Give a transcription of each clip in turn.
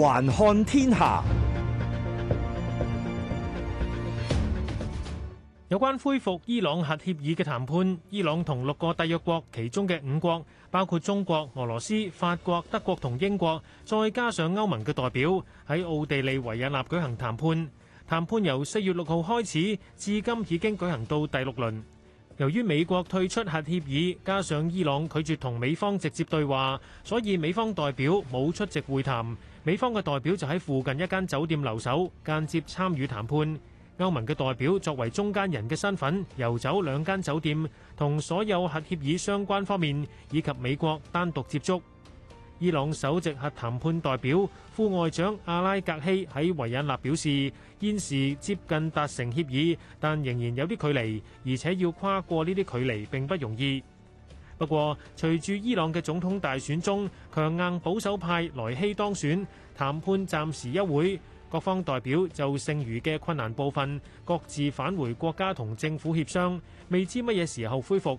環看天下，有關恢復伊朗核協議嘅談判，伊朗同六個締約國，其中嘅五國包括中國、俄羅斯、法國、德國同英國，再加上歐盟嘅代表，喺奧地利維也納舉行談判。談判由四月六號開始，至今已經舉行到第六輪。由於美國退出核協議，加上伊朗拒絕同美方直接對話，所以美方代表冇出席會談。美方嘅代表就喺附近一間酒店留守，間接參與談判。歐盟嘅代表作為中間人嘅身份，遊走兩間酒店，同所有核協議相關方面，以及美國單獨接觸。伊朗首席核談判代表副外長阿拉格希喺維也納表示，現時接近達成協議，但仍然有啲距離，而且要跨過呢啲距離並不容易。不過隨住伊朗嘅總統大選中強硬保守派萊希當選，談判暫時休會，各方代表就剩餘嘅困難部分各自返回國家同政府協商，未知乜嘢時候恢復。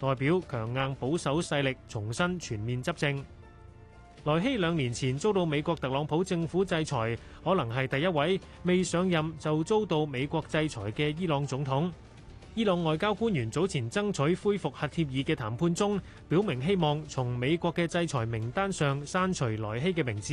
代表強硬保守勢力重新全面執政。萊希兩年前遭到美國特朗普政府制裁，可能係第一位未上任就遭到美國制裁嘅伊朗總統。伊朗外交官員早前爭取恢復核協議嘅談判中，表明希望從美國嘅制裁名單上刪除萊希嘅名字。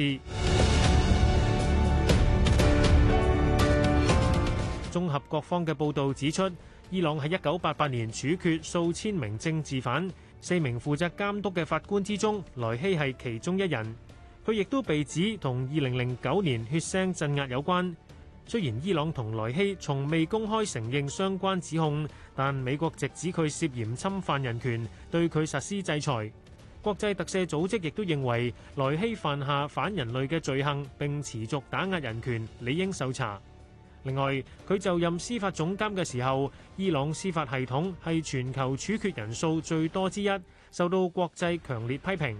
綜合各方嘅報導指出。伊朗喺一九八八年處決數千名政治犯，四名負責監督嘅法官之中，萊希係其中一人。佢亦都被指同二零零九年血腥鎮壓有關。雖然伊朗同萊希從未公開承認相關指控，但美國直指佢涉嫌侵犯人權，對佢實施制裁。國際特赦組織亦都認為萊希犯下反人類嘅罪行，並持續打壓人權，理應受查。另外，佢就任司法總監嘅時候，伊朗司法系統係全球處決人數最多之一，受到國際強烈批評。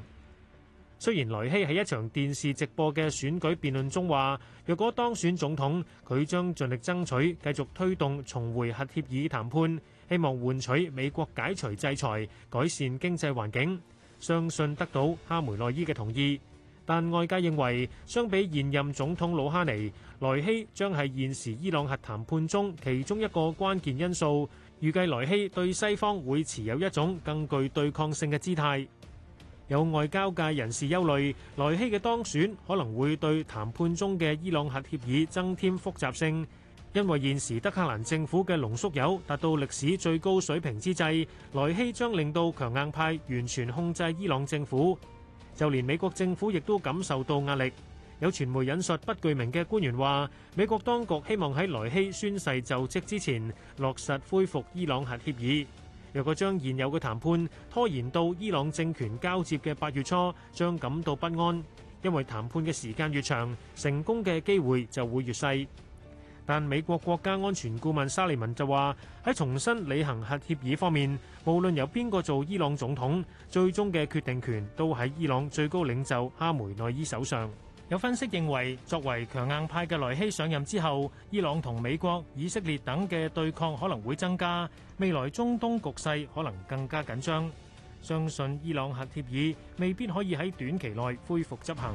雖然萊希喺一場電視直播嘅選舉辯論中話，若果當選總統，佢將盡力爭取繼續推動重回核協議談判，希望換取美國解除制裁、改善經濟環境，相信得到哈梅內伊嘅同意。但外界認為，相比現任總統魯哈尼，萊希將係現時伊朗核談判中其中一個關鍵因素。預計萊希對西方會持有一種更具對抗性嘅姿態。有外交界人士憂慮，萊希嘅當選可能會對談判中嘅伊朗核協議增添複雜性，因為現時德黑蘭政府嘅濃縮鈾達到歷史最高水平之際，萊希將令到強硬派完全控制伊朗政府。就連美國政府亦都感受到壓力，有傳媒引述不具名嘅官員話：美國當局希望喺萊希宣誓就職之前，落實恢復伊朗核協議。若果將現有嘅談判拖延到伊朗政權交接嘅八月初，將感到不安，因為談判嘅時間越長，成功嘅機會就會越細。但美國國家安全顧問沙利文就話：喺重新履行核協議方面，無論由邊個做伊朗總統，最終嘅決定權都喺伊朗最高領袖哈梅內伊手上。有分析認為，作為強硬派嘅萊希上任之後，伊朗同美國、以色列等嘅對抗可能會增加，未來中東局勢可能更加緊張。相信伊朗核協議未必可以喺短期內恢復執行。